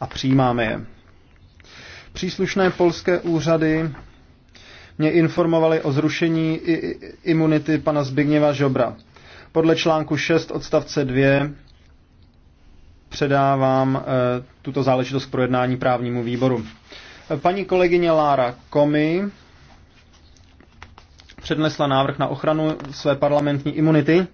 a přijímáme je. Příslušné polské úřady mě informovali o zrušení imunity pana Zbigněva Žobra. Podle článku 6 odstavce 2 předávám eh, tuto záležitost k projednání právnímu výboru. Eh, paní kolegyně Lára Komi přednesla návrh na ochranu své parlamentní imunity